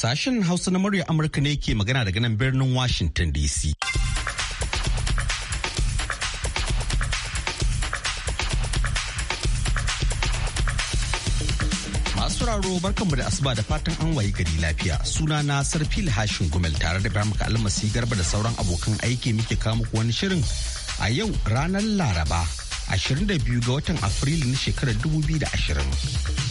Sashen Hausa na murya Amurka ne ke magana daga nan birnin Washington DC. Masu raro barkanmu da asuba da fatan an wayi gari lafiya. Suna na Sarfil Hashin Gumel tare da bamuka Almasi Garba da sauran abokan aiki muke kawo muku wani shirin a yau ranar Laraba. 22 ga watan Afrilu na shekarar 2020.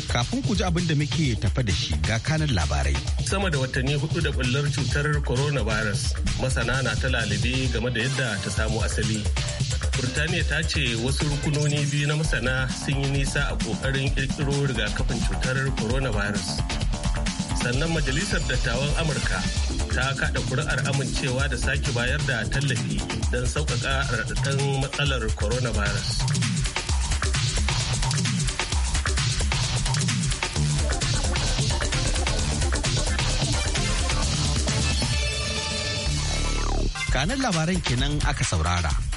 kafin ku ji abin da muke tafa da shi ga kanan labarai. Sama da watanni hudu da bullar cutar coronavirus masana na ta lalibe game da yadda ta samu asali. Burtaniya ta ce wasu rukunoni biyu na masana sun yi nisa a kokarin kirkiro rigakafin cutar coronavirus. sannan majalisar dattawan amurka ta kada kuri'ar amincewa da sake bayar da tallafi don sauƙaƙa raɗaɗin matsalar coronavirus kanan labaran kenan aka saurara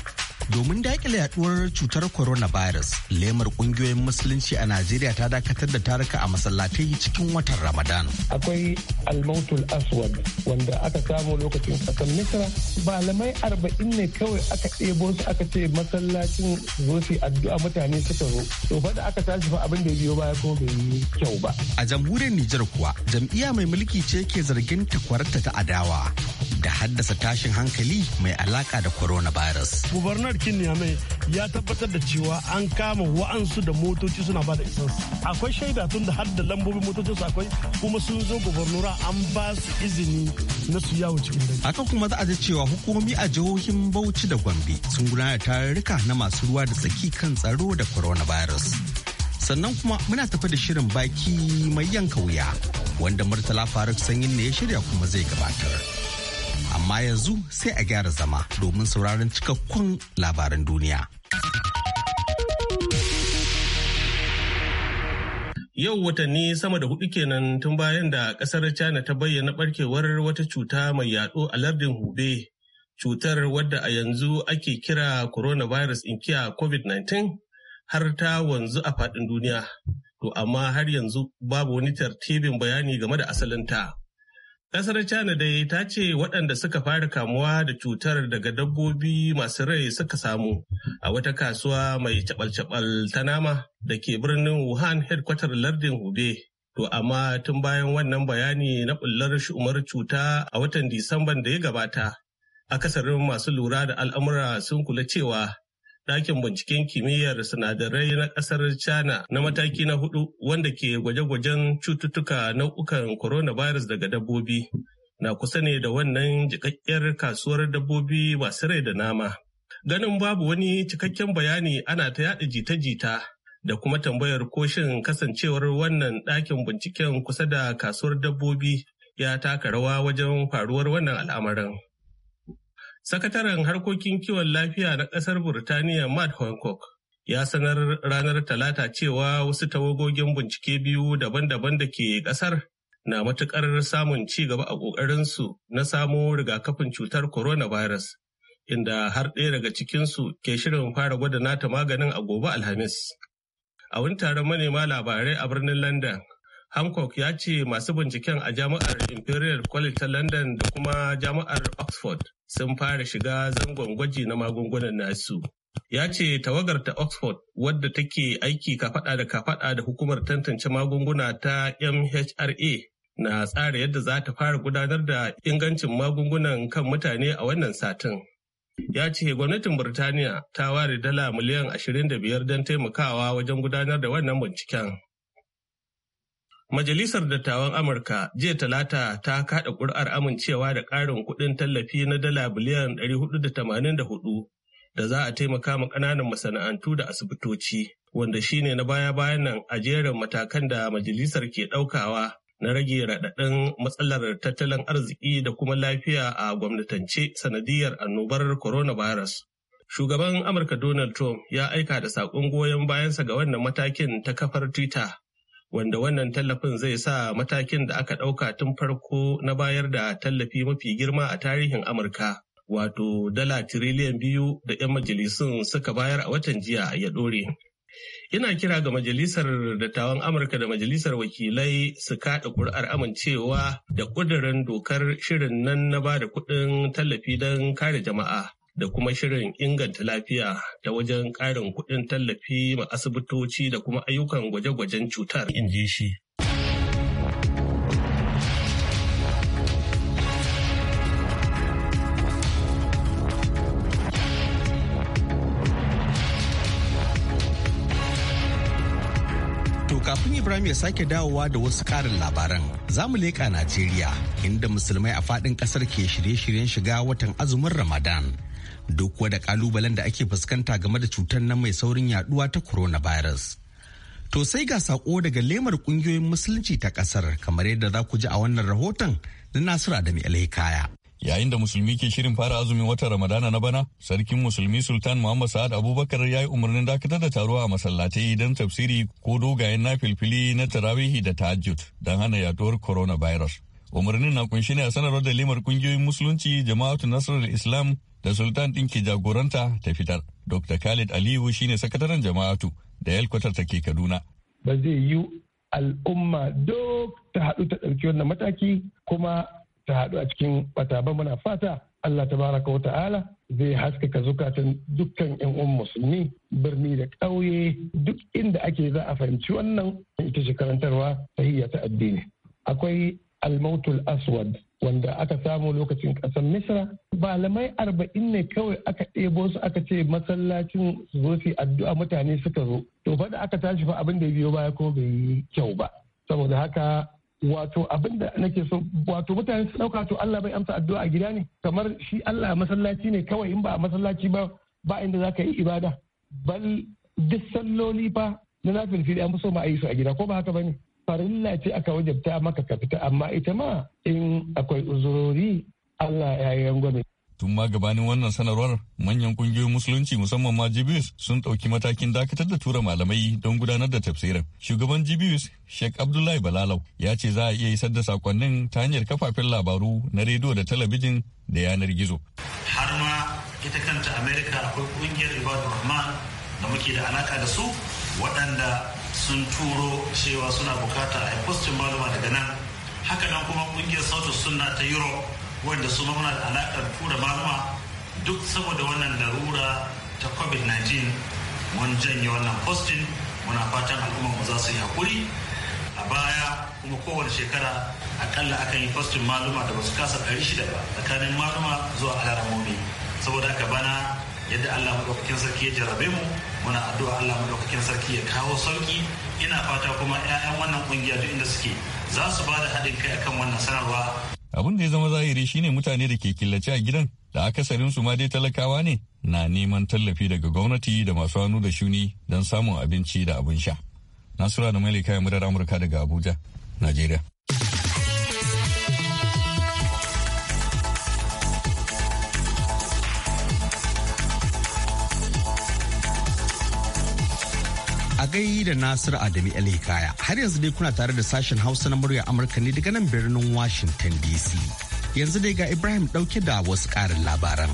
domin daƙile yaduwar cutar coronavirus lemar kungiyoyin musulunci a najeriya ta dakatar da taruka a masallatai cikin watan ramadan akwai almautul aswad wanda aka samu lokacin ƙasar misra lamai arba'in ne kawai aka ɗebo su aka ce masallacin zo su addu'a mutane suka zo to fa da aka tashi fa abin da biyo baya kuma bai yi kyau ba a jamhuriyar nijar kuwa jam'iyya mai mulki ce ke zargin takwarta ta adawa da haddasa tashin hankali mai alaka da coronavirus. Gubernar Kinyame ya tabbatar da cewa an kama wa'ansu da motoci suna ba da isansu. Akwai shaida tun da hadda lambobin motocin su akwai kuma sun zo gubernura an ba su izini na su yawo cikin dare. Haka kuma za a ji cewa hukumomi a jihohin Bauchi da Gombe sun gudanar tarurruka na masu ruwa da tsaki kan tsaro da coronavirus. Sannan kuma muna tafi da shirin baki mai yanka wuya wanda Murtala Faruk Sanyin ne ya shirya kuma zai gabatar. amma yanzu sai a gyara zama domin sauraron cikakkun labaran duniya. Yau watanni sama da hudu kenan tun bayan da kasar China ta bayyana barkewar wata cuta mai yaɗo a lardin hube Cutar wadda a yanzu ake kira coronavirus inkiya COVID-19 har ta wanzu a faɗin duniya. To amma har yanzu babu wani tartibin bayani game da asalinta. Ƙasar China dai ta ce waɗanda suka fara kamuwa da cutar daga dabbobi masu rai suka samu a wata kasuwa mai cabal-cabal ta nama da ke birnin Wuhan headquarter lardin Hubei. To amma tun bayan wannan bayani na ɓullar shumar cuta a watan Disamban da ya gabata, akasarin masu lura da al'amura sun kula cewa Ɗakin binciken kimiyyar sinadarai na ƙasar China na mataki na hudu wanda ke gwaje-gwajen cututtuka nau'ukan coronavirus daga dabbobi na kusa ne da wannan jikakkiyar kasuwar dabbobi masu rai da nama. Ganin babu wani cikakken bayani ana ta yada jita-jita da kuma tambayar koshin kasancewar wannan ɗakin binciken kusa da kasuwar dabbobi ya taka rawa wajen faruwar wannan al'amarin. Sakataren harkokin kiwon lafiya na ƙasar Burtaniya Matt Hancock ya sanar ranar Talata cewa wasu tawagogin bincike biyu daban-daban da ke ƙasar na matuƙar samun ci gaba a ƙoƙarinsu na samo rigakafin cutar coronavirus. inda har ɗaya daga cikinsu ke shirin fara gwada nata maganin a gobe alhamis. A wani taron manema labarai a birnin London, Hancock ya ce masu binciken a jami'ar Imperial College ta London da kuma jami'ar Oxford sun fara shiga zangon gwaji na magungunan nasu. Ya ce tawagar ta Oxford wadda take aiki kafada da kafada da hukumar tantance magunguna ta MHRA na tsara yadda za ta fara gudanar da ingancin magungunan kan mutane a wannan satin. ya ce gwamnatin Burtaniya ta ware dala miliyan 25 don taimakawa wajen gudanar da wannan binciken. Majalisar Dattawan Amurka jiya Talata ta kaɗa ƙuri'ar amincewa da ƙarin kuɗin tallafi na dala biliyan 484 da za a taimaka ma ƙananan masana'antu da asibitoci, wanda shine na baya-bayan nan a jerin matakan da majalisar ke ɗaukawa na rage raɗaɗin matsalar tattalin arziki da kuma lafiya a gwamnatance sanadiyar annobar coronavirus. Shugaban Amurka Donald Trump ya aika da saƙon goyon bayansa ga wannan matakin ta kafar Twitter. wanda wannan tallafin zai sa matakin da aka ɗauka tun farko na bayar da tallafi mafi girma a tarihin Amurka. Wato dala tiriliyan biyu da 'yan majalisun suka bayar a watan jiya ya ɗore. Ina kira ga Majalisar Dattawan Amurka da Majalisar Wakilai su kaɗa ƙuri'ar amincewa da ƙudurin dokar shirin nan na ba da kuɗin tallafi don kare jama'a da kuma shirin inganta lafiya ta wajen ƙarin kuɗin tallafi ma asibitoci da kuma ayyukan gwaje-gwajen cutar in ji shi. kafin Ibrahim ya sake dawowa da wasu karin labaran za mu leƙa Najeriya inda musulmai a faɗin ƙasar ke shirye-shiryen shiga watan azumin Ramadan. duk da kalubalen da ake fuskanta game da cutar na mai saurin yaduwa ta coronavirus. To sai ga sako daga lemar kungiyoyin musulunci ta kasar kamar yadda za ku ji a wannan rahoton na Nasiru Adamu Alhikaya. Yayin da musulmi ke shirin fara azumin watan Ramadana na bana, sarkin musulmi Sultan Muhammad Sa'ad Abubakar ya yi umarnin dakatar da taruwa a masallatai don tafsiri ko dogayen na filfili na tarawihi da tahajjud don hana yaduwar coronavirus. Umarnin na kunshi ne a sanarwar da limar kungiyoyin musulunci jama'atu nasarar Islam da Sultan din ke jagoranta ta fitar. Dr. Khalid Aliyu shine sakataren jama'atu da yalkwatar ta ke Kaduna. Ba zai yi al'umma duk ta haɗu ta ɗauki wannan mataki kuma ta haɗu a cikin bata ba muna fata Allah tabaraka wa ta'ala zai haskaka zukatan dukkan 'yan uwan musulmi birni da ƙauye duk inda ake za a fahimci wannan ita ce karantarwa ta hiyya ta addini. Akwai almautul aswad wanda aka samu lokacin kasan misra Balamai arba'in ne kawai aka ɗebo su aka ce masallacin su zo su addu'a mutane suka zo to fa da aka tashi fa abin da biyo baya ko bai yi kyau ba saboda haka wato abin da nake so wato mutane su ɗauka to Allah bai amsa addu'a a gida ne kamar shi Allah masallaci ne kawai in ba a masallaci ba ba inda za ka yi ibada bal duk salloli fa na nafilfili an fi so ma a yi su a gida ko ba haka ba ne farilla ce aka wajabta maka ka fita amma ita ma in akwai uzurori Allah ya yi rangwame. Tun ma gabanin wannan sanarwar manyan kungiyoyin musulunci musamman ma GBS sun ɗauki matakin dakatar da tura malamai don gudanar da tafsirin. Shugaban GBS Sheikh Abdullahi Balalau ya ce za a iya isar da sakonnin ta hanyar kafafen labaru na rediyo da talabijin da yanar gizo. Har ma ita kanta Amerika akwai kungiyar Ibadu Rahman da muke da alaka da su waɗanda sun turo cewa suna bukata a postin maluma daga nan haka nan kuma kungiyar sautin sunna ta europe wanda su muna da alakar tura maluma duk saboda wannan larura ta covid-19 mun janye wannan postin muna fatan al'umma mu za su yi hakuri a baya kuma kowane shekara akalla akan yi postin maluma da ba su kasa 600 ba tsakanin maluma zuwa alaramomi saboda haka bana yadda Allah madaukakin sarki ya jarabe mu muna addu'a Allah madaukakin sarki ya kawo sauki ina fata kuma 'ya'yan wannan kungiya duk inda suke za su ba da haɗin kai akan wannan sanarwa abin da ya zama zahiri shine mutane da ke killace a gidan da akasarin su ma dai talakawa ne na neman tallafi daga gwamnati da masu hannu da shuni don samun abinci da abin sha nasura da mai kayan murar amurka daga abuja najeriya gai da Nasiru Adami kaya Har yanzu dai kuna tare da sashen Hausa na murya Amurka ne daga nan birnin Washington DC. Yanzu dai ga Ibrahim ɗauke da wasu ƙarin labaran.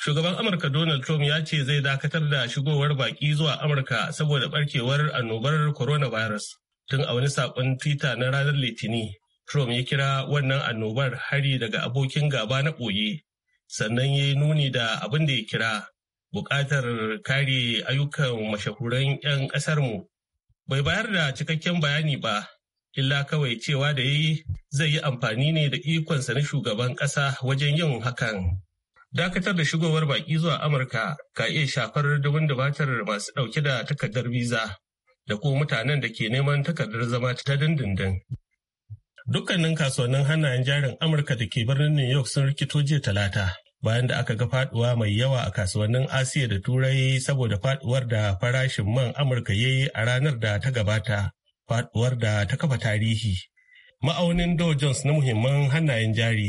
Shugaban Amurka Donald Trump ya ce zai dakatar da shigowar baƙi zuwa Amurka saboda barkewar annobar coronavirus. Tun a wani saƙon Twitter na ranar Litini, Trump ya kira wannan annobar hari daga abokin gaba na ɓoye sannan ya yi nuni da abin da ya kira buƙatar kare ayyukan mashahuran 'yan ƙasarmu. Bai bayar da cikakken bayani ba, illa kawai cewa da ya yi zai yi amfani ne da ikonsa na shugaban ƙasa wajen yin hakan. Dakatar da shigowar baƙi zuwa Amurka ka iya shafar dubin dubatar masu ɗauke da takardar biza da ko mutanen da ke neman takardar zama ta dindindin. Dukkanin kasuwannin hannayen jarin Amurka da ke birnin New York sun rikito jiya talata. bayan da aka ga faduwa mai yawa a kasuwannin asiya da turai saboda faduwar da farashin man amurka ya yi a ranar da ta gabata faduwar da ta kafa tarihi ma'aunin dow jones na muhimman hannayen jari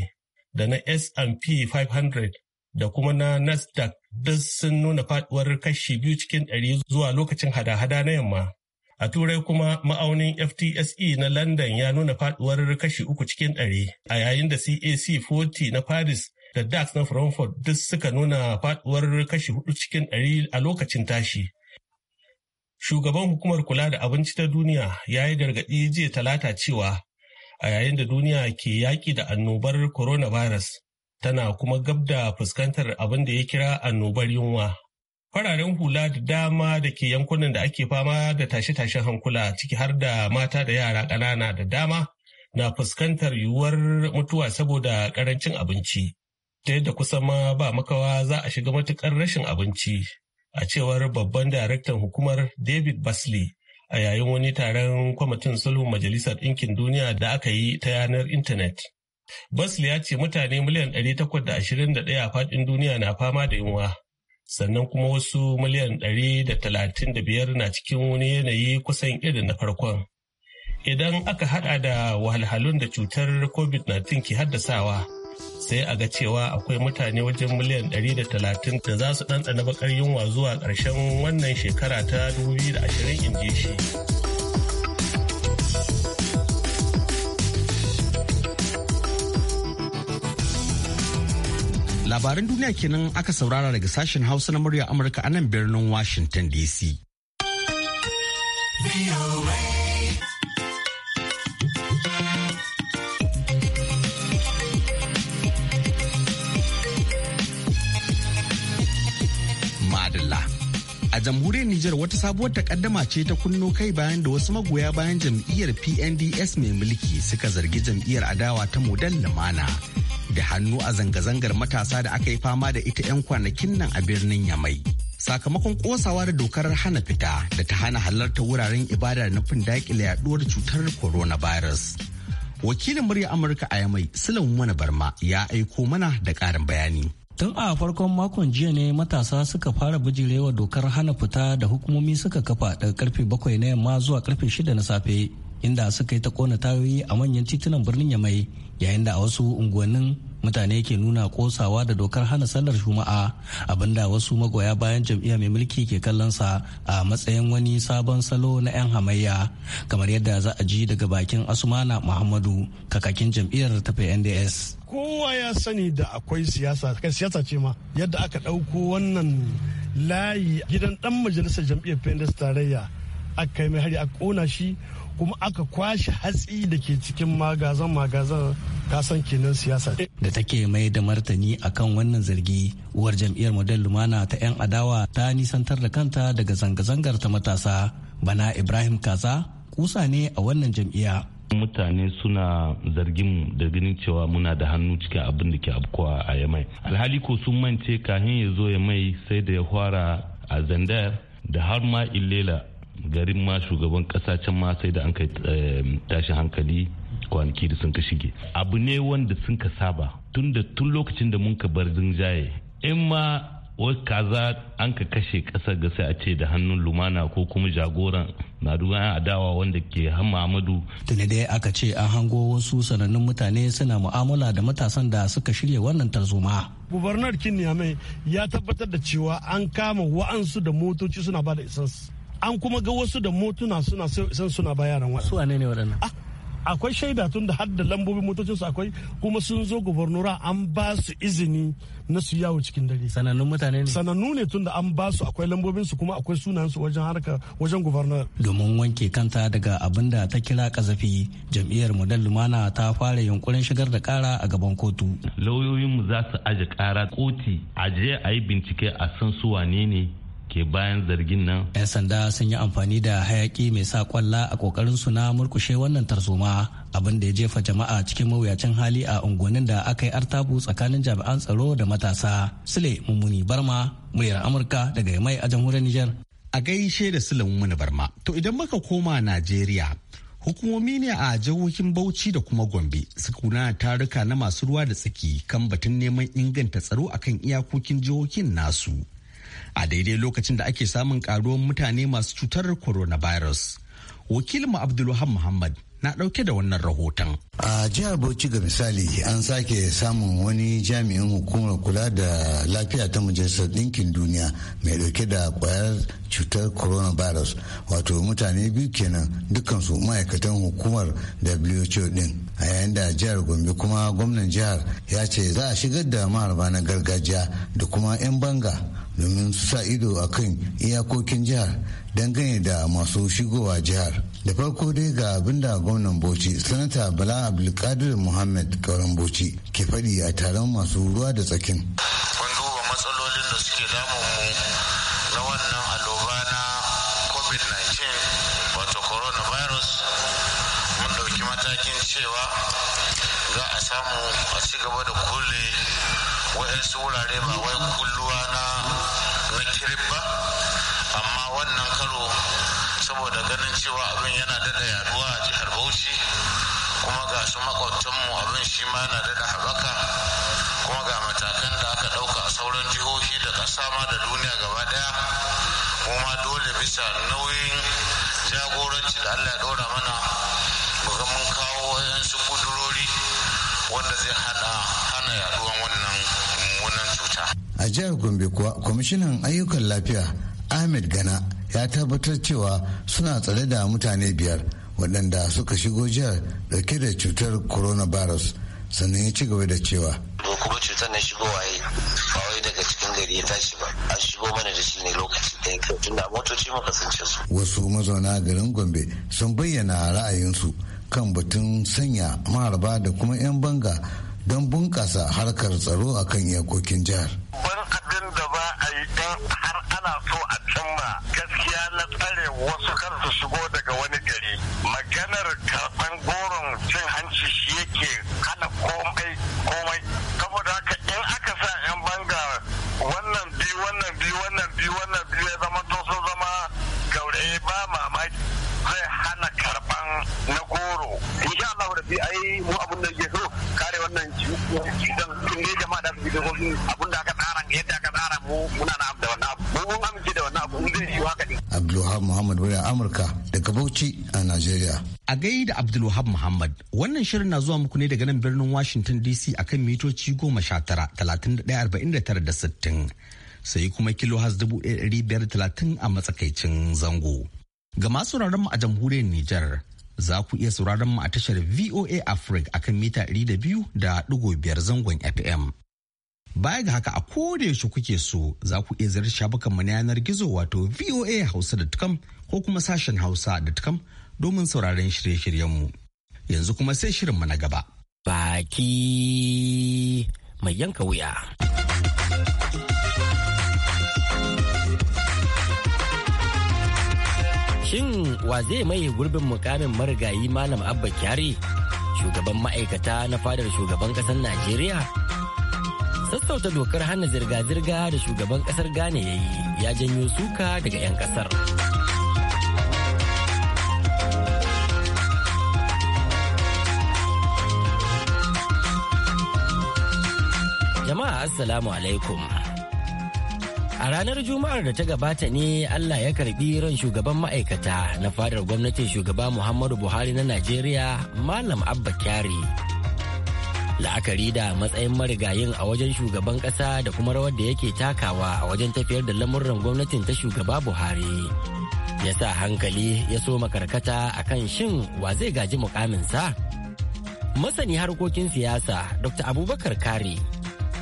da na S&P 500 da kuma na Nasdaq duk sun nuna faduwar kashi biyu cikin ɗari zuwa lokacin hada-hada na yamma. A turai kuma ma'aunin FTSE na London ya nuna faduwar kashi uku cikin ɗari a yayin da CAC 40 na Paris da DAX na Frankfurt duk suka nuna faduwar kashi hudu cikin ɗari a lokacin tashi. Shugaban hukumar kula da abinci ta duniya ya yi gargaɗi jiya talata cewa a yayin da duniya ke yaƙi da annobar coronavirus tana kuma gab da fuskantar abin da ya kira annobar yunwa. Fararen hula da dama da ke yankunan da ake fama da tashe-tashen hankula ciki har da mata da yara ƙanana da dama na fuskantar yiwuwar mutuwa saboda ƙarancin abinci. ta yadda kusan ma ba makawa za a shiga matukar rashin abinci a cewar babban daraktan hukumar david basley a yayin wani taron kwamitin sulhun majalisar ɗinkin duniya da aka yi ta yanar intanet basley ya ce mutane miliyan 821 a faɗin duniya na fama da yunwa sannan kuma wasu miliyan ɗari da talatin 135 na cikin wani yanayi kusan irin na farkon idan aka hada da wahalhalun da cutar covid-19 ke haddasawa sai a ga cewa akwai mutane wajen miliyan 130 da za su ɗanɗana bakar yunwa zuwa ƙarshen wannan shekara ta 2020 inji shi. Labaran duniya kenan aka saurara daga sashen Hausa na murya Amurka a nan birnin Washington DC. a jamhuriyar Nijar wata sabuwar takaddama ce ta kunno kai bayan da wasu magoya bayan jam'iyyar PNDS mai mulki suka zargi jam'iyyar adawa ta Modan lumana da hannu a zanga-zangar matasa da aka yi fama da ita 'yan kwanakin nan a birnin Yamai. Sakamakon kosawa da dokar hana fita da ta hana halarta wuraren ibada da nufin daƙile yaduwar cutar coronavirus. Wakilin murya Amurka a Yamai, Sulaiman Barma ya aiko mana da ƙarin bayani. Tun a farkon makon jiya ne matasa suka fara bijirewa dokar hana fita da hukumomi suka kafa daga karfe bakwai na yamma zuwa karfe shida na safe inda suka yi ta kona tayoyi a manyan titunan birnin Yamai yayin da a wasu unguwannin mutane ke nuna kosawa da dokar hana sallar juma'a abinda wasu magoya bayan jam'iyya mai mulki ke kallon sa a matsayin wani sabon salo na 'yan hamayya kamar yadda za a ji daga bakin asumana muhammadu kakakin jam'iyyar ta nds kowa ya sani da akwai siyasa kai siyasa ce ma yadda aka ɗauko wannan layi gidan ɗan majalisar jam'iyyar pnds tarayya aka kai mai hari a ƙona shi kuma aka kwashe hatsi da ke cikin magazan magazan kasan kenan siyasa da take mai da martani a kan wannan zargi uwar jam'iyyar model lumana ta 'yan adawa ta nisantar da kanta daga zanga-zangar ta matasa bana ibrahim kaza kusa ne a wannan jam'iyya mutane suna zargin da ganin cewa muna da hannu cikin abin da ke abkuwa a yamai alhali ko sun mance kahin ya zo ya mai sai da ya fara a zandar da har ma illela garin ma shugaban kasa can ma sai da an kai eh, tashi hankali kwanaki da sun ka shige abu ne wanda sun ka saba tun da tun lokacin da mun ka bar zinjaye in ma wai kaza an ka kashe kasar ga sai a ce da hannun lumana ko kuma jagoran na duwan adawa wanda ke amadu. tuni dai aka ce an hango wasu sanannun mutane suna mu'amala da matasan da suka shirya wannan tarzoma gubernar kinyamai ya tabbatar da cewa an kama wa'ansu da motoci suna ba da isansu an kuma ga wasu da motuna suna san suna ba yaran su ne waɗannan ah, akwai shaida tun da har da lambobin motocinsu akwai kuma sun zo gubernura an ba su izini na su yawo cikin dare sanannun mutane ne sanannu ne tun da an ba su akwai lambobin su kuma akwai sunansu su wajen harka wajen gubernur domin wanke kanta daga abin da ta kira kazafi jam'iyyar model lumana ta fara yunkurin shigar da kara a gaban kotu lauyoyin mu za su aje kara koti aje ayi bincike a san su wane ne ke bayan zargin nan. 'Yan sanda sun yi amfani da hayaki mai sa kwalla a kokarin su na murkushe wannan tarzoma abin da ya jefa jama'a cikin mawuyacin hali a unguwannin da aka yi artabu tsakanin jami'an tsaro da matasa. Sule Mummuni Barma, muryar Amurka daga Yamai a jamhuriyar Nijar. A gaishe da Sule Mummuni Barma. To idan muka koma Najeriya, hukumomi ne a jihohin bauchi da kuma gombe suka gudanar taruka na masu ruwa da tsaki kan batun neman inganta tsaro akan iyakokin jihohin nasu a daidai lokacin da ake samun karuwar mutane masu cutar coronavirus. Wakilinmu Abdulwahab Muhammad na ɗauke da wannan rahoton. A jihar Bauchi ga misali an sake samun wani jami'in hukumar kula da lafiya ta majalisar ɗinkin duniya mai ɗauke da kwayar cutar coronavirus wato mutane biyu kenan dukansu ma'aikatan hukumar WHO ɗin. A yayin da jihar Gombe kuma gwamnan jihar ya ce za a shigar da maharba na gargajiya da kuma 'yan banga domin su sa ido a kan iyakokin jihar dangane da masu shigowa jihar da farko dai ga abinda gwamnan bauchi sanata bala abdulkadir muhammad kauran bauchi ke faɗi a taron masu ruwa da tsakin kun duba matsalolin da suke damun mu na wannan aloba na covid-19 wato coronavirus mun ɗauki matakin cewa za a samu a cigaba da kulle waɗansu wurare ba wai kulluwa na masharib ba amma wannan karo saboda ganin cewa abin yana dada yaduwa a jihar bauchi kuma ga su makwabtanmu abin shi ma yana dada haɓaka kuma ga matakan da aka ɗauka a sauran jihohi da ƙasa ma da duniya gaba ɗaya kuma dole bisa nauyin jagoranci da allah ya ɗora mana ga mun kawo wayansu kudurori wanda zai hana hana yaduwan wannan mummunan cuta a jihar gombe kuwa kwamishinan ayyukan lafiya ahmed gana ya tabbatar cewa suna tsare da mutane biyar waɗanda suka shigo jihar dauke da cutar coronavirus sannan ya ci gaba da cewa kuma cutar na shigo waye ba daga cikin gari ya tashi ba a shigo mana da shi ne lokacin da ya tunda motoci muka su wasu mazauna garin gombe sun bayyana ra'ayinsu kan batun sanya maharba da kuma 'yan banga don bunkasa harkar tsaro a kan iyakokin jihar. Wani abin da ba a yi ɗan har ana so a cimma gaskiya na tsare wasu kar su shigo daga wani gari. Maganar karɓan goron cin hanci shi yake hana komai komai. Saboda haka in aka sa 'yan banga wannan bi wannan bi wannan bi wannan bi ya zama to sun zama gauraye ba mamaki zai hana karɓan na goro. Insha Allah da bi yi mu abin da ke so wannan cikin sun jama'a da su bi dokokin da aka tsara yadda aka tsara mu muna na da wannan abu mun amince da wannan abu mun zai shi haka ne. Abdulwahab Muhammad wani Amurka daga Bauchi a Najeriya. A gaida Abdulwahab Muhammad wannan shirin na zuwa muku ne daga nan birnin Washington DC akan mitoci goma sha tara talatin da arba'in da tara da sittin. sai kuma kilo has dubu ɗaya ɗari biyar talatin a matsakaicin zango. Ga masu mu a jamhuriyar Nijar za ku iya sauraron mu a tashar VOA Africa akan mita 200 da biyar zangon FM. Baya ga haka a koda yaushe kuke so za ku iya zarar shafukan mu na yanar gizo wato VOA hausa da tukam ko kuma sashen hausa da Hausa.com domin sauraron shirye-shiryen mu. Yanzu kuma sai shirin mu na gaba. Baki mai yanka wuya. Shin wa zai mai gurbin mukamin marigayi Malam Abba Kyari, shugaban ma'aikata na fadar shugaban ƙasar Najeriya? Sassauta dokar hana zirga-zirga da shugaban ƙasar Ghana ya yi ya janyo suka daga 'yan ƙasar. Jama'a Assalamu alaikum. A ranar Juma'ar da ta gabata ne Allah ya karbi ran shugaban ma'aikata na fadar gwamnatin shugaba Muhammadu Buhari na Najeriya Malam Abba Kyari. La'akari da matsayin marigayin a wajen shugaban ƙasa da kuma rawar da yake takawa a wajen tafiyar da lamurran gwamnatin ta shugaba Buhari. Ya sa hankali ya so makarkata a kan shin wa zai gaji mukaminsa? Masani harkokin siyasa Dr. Abubakar Kari.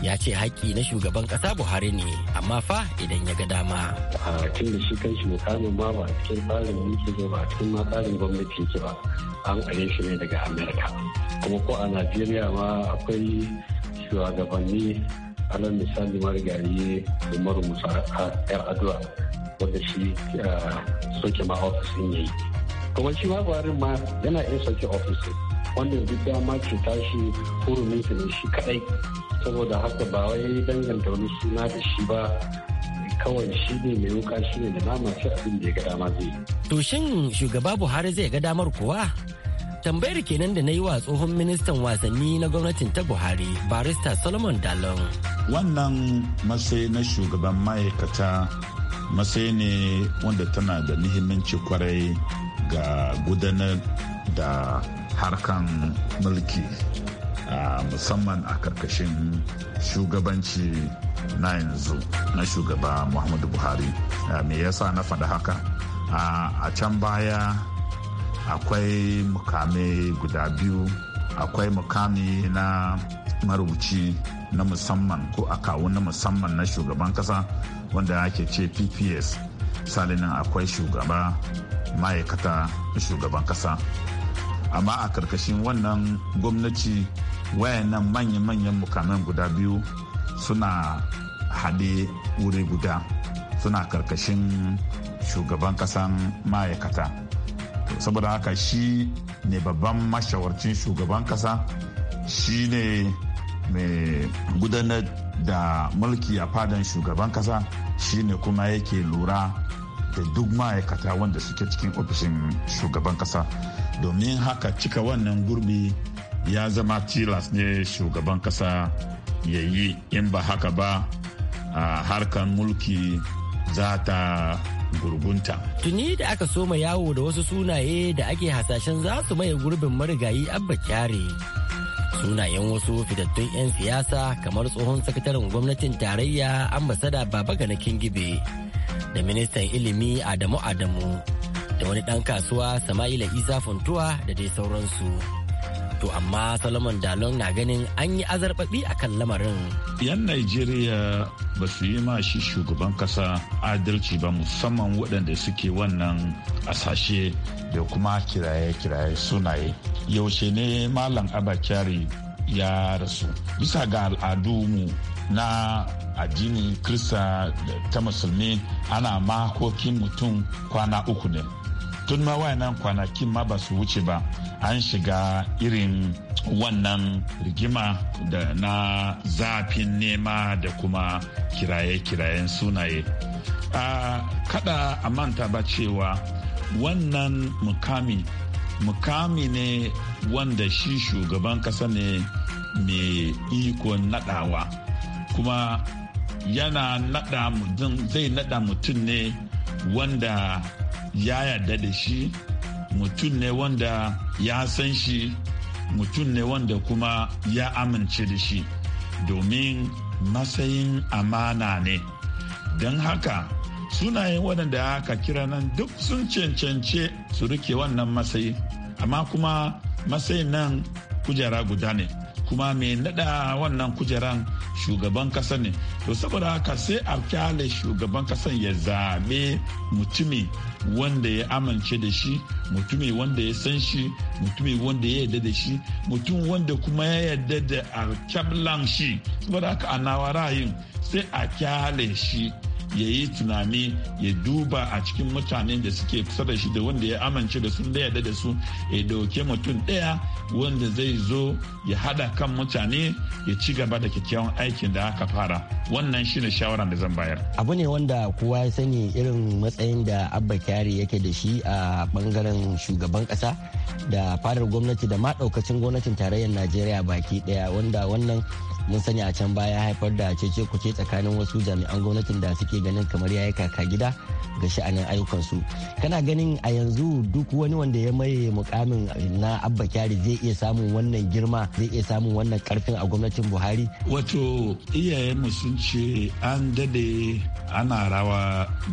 ya ce haƙƙi na shugaban ƙasa buhari ne amma fa idan ya ga dama a tun da shi kan shi mukamin ma ba cikin tsarin mulki ba cikin ma tsarin gwamnati yake ba an are shi ne daga amerika kuma ko a najeriya ma akwai shugabanni alal misali marigayi umaru musa yar adua wanda shi soke ma ofisin yayi kuma shi ma buhari ma yana iya soke ofis. wanda yanzu ma ke tashi hurumin su ne shi kadai saboda haka ba wai danganta wani suna da shi ba kawai shi ne mai wuka shi ne da nama shi abin da ya ga dama zai to shin shugaba buhari zai ga damar kuwa tambayar kenan da na yi wa tsohon ministan wasanni na gwamnatin ta buhari barista solomon dalon wannan matsayi na shugaban ma'aikata matsayi ne wanda tana da muhimmanci kwarai ga gudanar da harkan mulki musamman a karkashin shugabanci na yanzu na shugaba muhammadu buhari me yasa na faɗa haka a can baya akwai mukami guda biyu akwai mukami na marubuci na musamman ko akawu na musamman na shugaban kasa wanda ake ce pps salinin akwai shugaba ma'aikata shugaban kasa amma a karkashin wannan gwamnati wayannan manya-manyan mukamin guda biyu suna haɗe wuri guda suna karkashin shugaban ƙasan ma'aikata saboda haka shi ne babban mashawarcin shugaban ƙasa shi ne mai gudanar da mulki a fadan shugaban ƙasa shi ne kuma yake lura da duk ma'aikata wanda suke cikin ofishin shugaban kasa domin haka cika wannan gurbi ya zama tilas ne shugaban kasa ya yi in ba haka ba a harkar mulki za ta gurgunta. Tuni da aka soma yawo da wasu sunaye da ake hasashen za su maye gurbin marigayi abba kyare. Sunayen wasu fitattun 'yan siyasa kamar tsohon sakataren gwamnatin tarayya ambasada baba gana kingibe da ministan ilimi Adamu Adamu da wani dan kasuwa Sama'ila Isa Funtuwa da dai sauransu. To amma Solomon Dalon na ganin an yi azarbabi a kan lamarin. Yan nigeria ba su yi ma shi shugaban kasa adalci ba musamman waɗanda suke wannan asashe da kuma kiraye-kiraye sunaye. Yaushe ne Malam Abakari ya rasu. Bisa ga al'adu mu na addinin krista ta musulmi ana makokin mutum kwana uku ne tun ma wayannan kwanakin ma ba su wuce ba an shiga irin wannan rigima da na zafin nema da kuma kiraye-kirayen sunaye a kada a manta ba cewa wannan mukami mukami ne wanda shi shugaban kasa ne mai iko nadawa kuma yana nada mutum zai nada mutum ne wanda ya yarda da shi mutum ne wanda ya san shi mutum ne wanda kuma ya amince da shi domin matsayin amana ne don haka sunayen waɗanda aka kira nan duk sun cancance su rike wannan matsayi amma kuma matsayin nan kujara guda ne kuma mai nada wannan kujeran shugaban kasa ne to saboda haka sai a kyale shugaban kasan ya zaɓe mutumi wanda ya amince da shi mutumi wanda ya san shi mutumi wanda ya yarda da shi mutum wanda kuma ya yarda da alkyablan shi saboda haka a nawa ra'ayin sai a kyale shi ya yi tunani ya duba a cikin mutanen da suke kusa da shi da wanda ya amince da sun da yarda da su ya dauke mutum ɗaya wanda zai zo ya hada kan mutane ya ci gaba da kyakkyawan aikin da aka fara wannan shine shawara da zan bayar abu ne wanda kowa ya sani irin matsayin da abba kyari yake da shi a bangaren shugaban kasa da fadar gwamnati da ma daukacin gwamnatin tarayyar najeriya baki daya wanda wannan mun sani a can baya haifar da cece kuce tsakanin wasu jami'an gwamnatin da suke ganin kamar yayi kaka gida ga sha'anin ayyukansu kana ganin a yanzu duk wani wanda ya maye mukamin na abba kyari zai iya samun wannan girma zai iya samun wannan karfin a gwamnatin buhari wato iyayenmu sun ce an dade ana rawa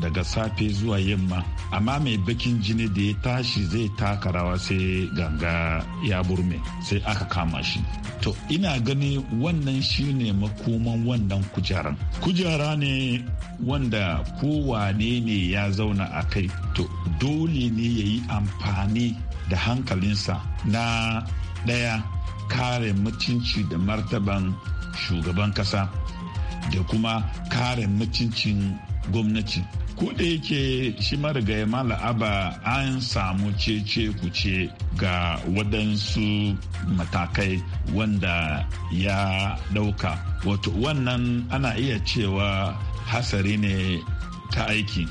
daga safe zuwa yamma amma mai bakin jini da ya tashi zai taka rawa sai ganga ya burme sai aka kama shi to ina gani wannan shine makoman wannan kujeran kujera ne wanda kowane ne ya zauna a kai to dole ne ya yi amfani da hankalinsa na ɗaya kare mutunci da martaban shugaban kasa da kuma kare mutuncin gwamnati ko da yake shi marigaya la'aba an samu cece kuce ga waɗansu matakai wanda ya ɗauka wato wannan ana iya cewa hasari ne ta aiki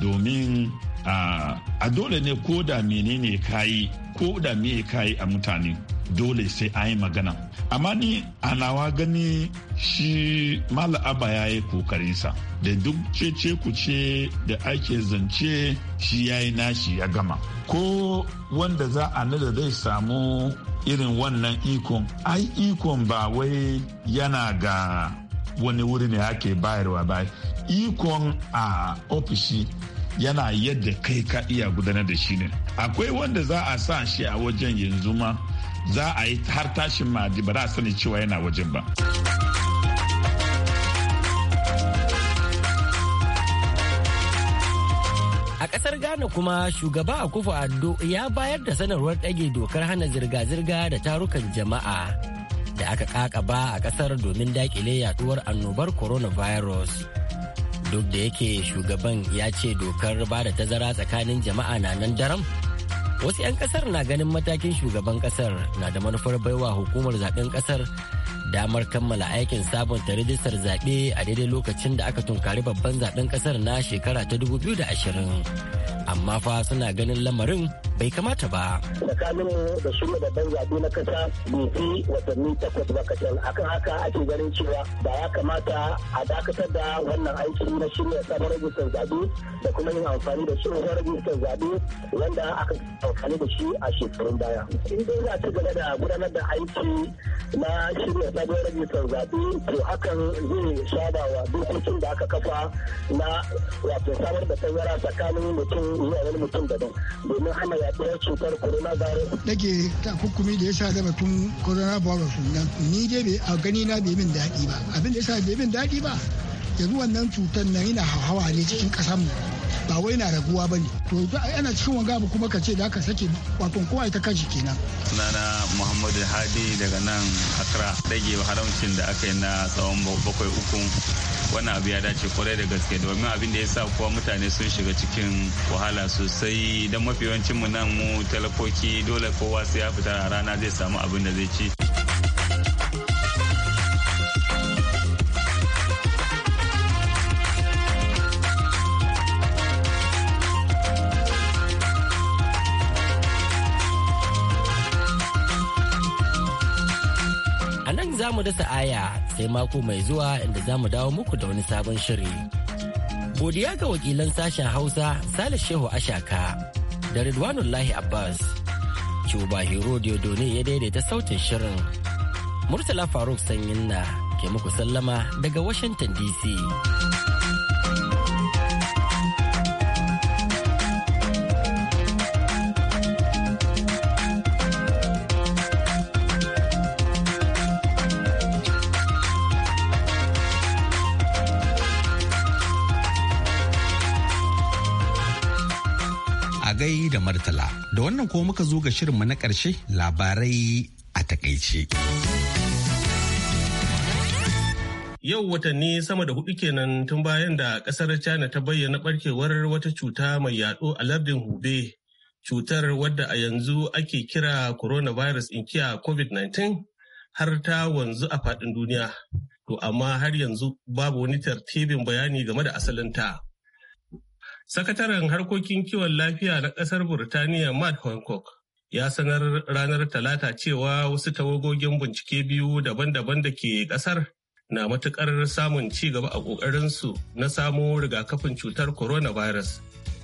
domin ah, a dole ne ko da menene kayi ko da me kayi a mutane dole sai a yi magana amma ni a nawa gani shi mala'aba ya yi kokarinsa da duk cece ce da ake zance shi ya yi nashi ya gama ko wanda za a nada zai samu irin wannan ikon ai ikon ba wai yana ga wani wuri ne ake bayarwa ba ikon a ofishi yana yadda kai ka iya gudanar da shi ne akwai wanda za a sa shi a wajen yanzu ma za a yi har tashin mahadi ba za a sani cewa yana wajen ba. A ƙasar Ghana kuma shugaba Akufo Addo ya bayar da sanarwar ɗage dokar hana zirga-zirga da tarukan jama'a da aka ƙaƙaba a ƙasar domin daƙile yaduwar annobar coronavirus. Duk da yake shugaban ya ce dokar ba da tazara tsakanin jama'a na nan daram wasu 'yan kasar na ganin matakin shugaban kasar na da manufar baiwa hukumar zaben kasar damar kammala aikin sabunta rijistar zaɓe a daidai lokacin da aka tunkari babban zaben kasar na shekara ta 2020 amma fa suna ganin lamarin bai kamata ba. Tsakanin mu da su babban zaɓe na kasa bai fi watanni takwas ba kacal akan haka ake ganin cewa ba ya kamata a dakatar da wannan aiki na shirya sabon rajistar zaɓe da kuma yin amfani da shirin rajistar zaɓe wanda aka amfani da shi a shekarun baya. In dai za ta gaba da gudanar da aiki na shirya sabon rajistar zaɓe to hakan zai saba wa dokokin da aka kafa na wato samar da tazara tsakanin mutum zuwa wani mutum daban domin hana yaduwar cutar coronavirus. Dage ta hukumi da ya sa da batun coronavirus nan ni dai be a gani na bai min daɗi ba abin da ya sa bai min daɗi ba yanzu wannan cutar nan yana hawa ne cikin ƙasar mu. ba wai na raguwa ne to ana cikin wanga ba kuma ka ce da aka sake wato kowa ita kashi kenan sunana muhammadu hadi daga nan accra rage haramcin da aka yi na tsawon bakwai uku wannan abu ya dace kwarai da gaske domin abin da ya sa kuwa mutane sun shiga cikin wahala sosai don mafi yawancin mu nan mu talakoki dole kowa sai ya fita rana zai samu abin da zai ci. da sa'aya aya sai mako mai zuwa inda za mu dawo muku da wani sabon shiri. Godiya ga wakilan sashen Hausa Sale Shehu Ashaka da Ridwanullahi Abbas. Cuba Hero Diodone ya daidaita sautin shirin. Murtala Faruk Sanyin na ke muku sallama daga Washington DC. Da wannan ko muka zo ga shirinmu na ƙarshe labarai a takaice. Yau watanni sama da hudu kenan tun bayan da ƙasar China ta bayyana barkewar wata cuta mai yaɗo a lardin Hubei. Cutar wadda a yanzu ake kira coronavirus inkiya COVID-19 har ta wanzu a faɗin duniya. To amma har yanzu babu wani tartibin bayani game da asalinta. Sakataren harkokin kiwon lafiya na ƙasar Burtaniya Matt Hancock ya sanar ranar Talata cewa wasu tawagogin bincike biyu daban-daban da ke ƙasar na matuƙar samun ci gaba a ƙoƙarinsu na samo rigakafin cutar coronavirus.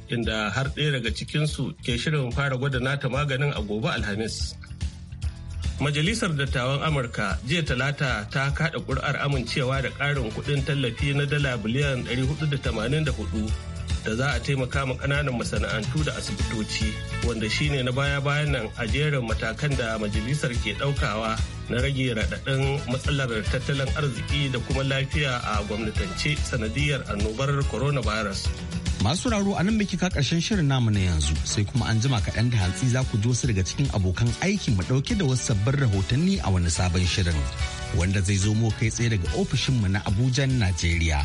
inda har ɗaya daga cikinsu ke shirin fara gwada nata maganin a gobe alhamis majalisar dattawan amurka jiya talata ta kaɗa ƙuri'ar amincewa da ƙarin kuɗin tallafi na dala biliyan 484 da za a taimaka ma kananan masana'antu da asibitoci wanda shine na baya-bayan nan a jerin matakan da majalisar ke ɗaukawa na rage radadin matsalar tattalin arziki da kuma lafiya a gwamnatance sanadiyar annobar coronavirus. Masu raro a nan muke ka karshen shirin namu na yanzu sai kuma an jima kaɗan da hantsi za ku ji wasu daga cikin abokan aiki mu ɗauke da wasu sabbin rahotanni a wani sabon shirin wanda zai zo mu kai tsaye daga ofishinmu na Abuja, Najeriya.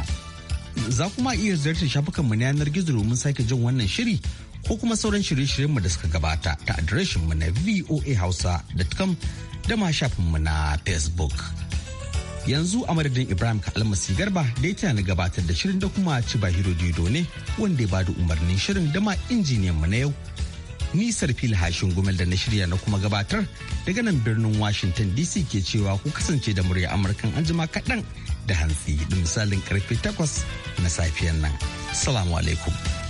Za kuma iya ziyartar shafukanmu na yanar gizo domin sake jin wannan shiri ko kuma sauran shirye-shiryenmu da suka gabata ta adireshinmu na voahausa.com da ma shafinmu na Facebook. Yanzu a madadin Ibrahim Kalmasi Garba da ya na gabatar da shirin da kuma ci Cibahiro Dido ne wanda ya bada umarnin shirin da ma injiniyan mu na yau. Nisar fil hashin gumel da na shirya na kuma gabatar daga nan birnin Washington DC ke cewa ku kasance da murya Amurkan anjima kaɗan. da hantsi da misalin karfe 8 na safiyan nan. Salamu alaikum.